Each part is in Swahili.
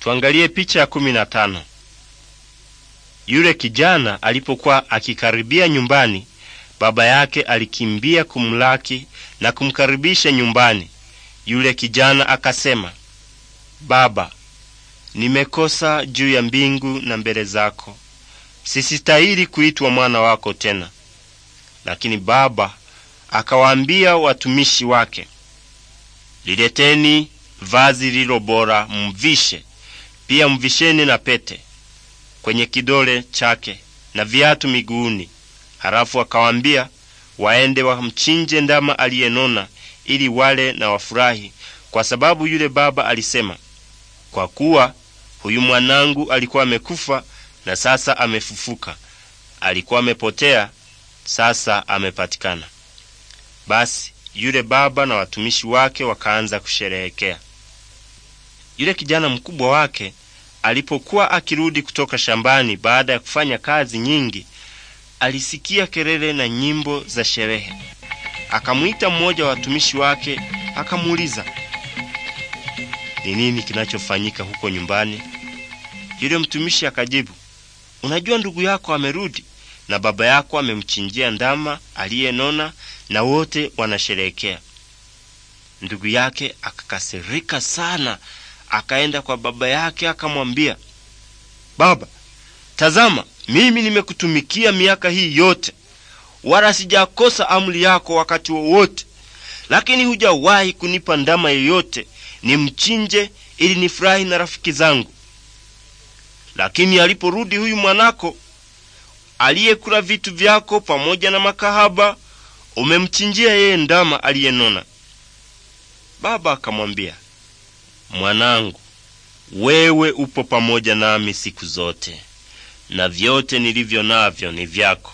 Tuangalie picha ya kumi na tano. Yule kijana alipokuwa akikaribia nyumbani, baba yake alikimbia kumlaki na kumkaribisha nyumbani. Yule kijana akasema, Baba, nimekosa juu ya mbingu na mbele zako, sisitahili kuitwa mwana wako tena. Lakini baba akawaambia watumishi wake, lileteni vazi lilo bora mvishe pia mvisheni na pete kwenye kidole chake na viatu miguuni. Halafu akawaambia waende wamchinje ndama aliyenona, ili wale na wafurahi, kwa sababu yule baba alisema, kwa kuwa huyu mwanangu alikuwa amekufa na sasa amefufuka, alikuwa amepotea, sasa amepatikana. Basi yule baba na watumishi wake wakaanza kusherehekea. Yule kijana mkubwa wake Alipokuwa akirudi kutoka shambani baada ya kufanya kazi nyingi, alisikia kelele na nyimbo za sherehe. Akamwita mmoja wa watumishi wake, akamuuliza, ni nini kinachofanyika huko nyumbani? Yule mtumishi akajibu, unajua, ndugu yako amerudi na baba yako amemchinjia ndama aliyenona na wote wanasherehekea. Ndugu yake akakasirika sana akaenda kwa baba yake akamwambia, Baba, tazama, mimi nimekutumikia miaka hii yote, wala sijakosa amri yako wakati wowote, lakini hujawahi kunipa ndama ni nimchinje ili nifurahi na rafiki zangu. Lakini aliporudi huyu mwanako aliyekula vitu vyako pamoja na makahaba, umemchinjia yeye ndama aliyenona. Baba akamwambia Mwanangu, wewe upo pamoja nami siku zote, na vyote nilivyo navyo ni vyako.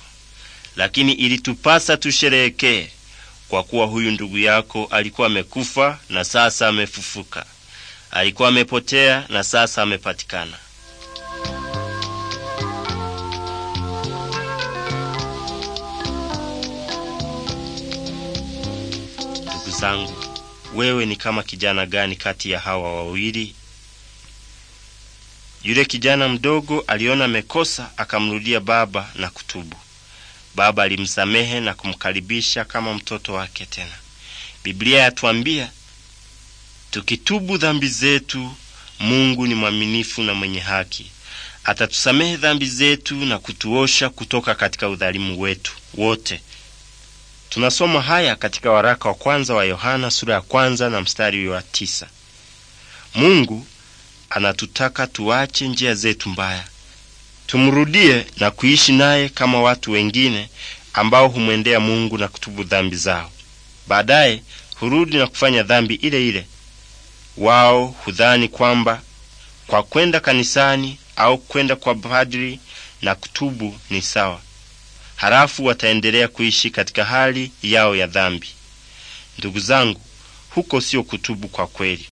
Lakini ilitupasa tusherehekee, kwa kuwa huyu ndugu yako alikuwa amekufa na sasa amefufuka, alikuwa amepotea na sasa amepatikana. Ndugu zangu wewe ni kama kijana gani kati ya hawa wawili? Yule kijana mdogo aliona amekosa, akamrudia baba na kutubu. Baba alimsamehe na kumkaribisha kama mtoto wake tena. Biblia yatuambia tukitubu dhambi zetu, Mungu ni mwaminifu na mwenye haki, atatusamehe dhambi zetu na kutuosha kutoka katika udhalimu wetu wote. Tunasoma haya katika waraka wa kwanza wa Yohana sura ya kwanza na mstari wa tisa. Mungu anatutaka tuache njia zetu mbaya, tumrudie na kuishi naye kama watu wengine ambao humwendea Mungu na kutubu dhambi zao. Baadaye hurudi na kufanya dhambi ile ile. Wao hudhani kwamba kwa kwenda kanisani au kwenda kwa padri na kutubu ni sawa, halafu wataendelea kuishi katika hali yao ya dhambi. Ndugu zangu, huko sio kutubu kwa kweli.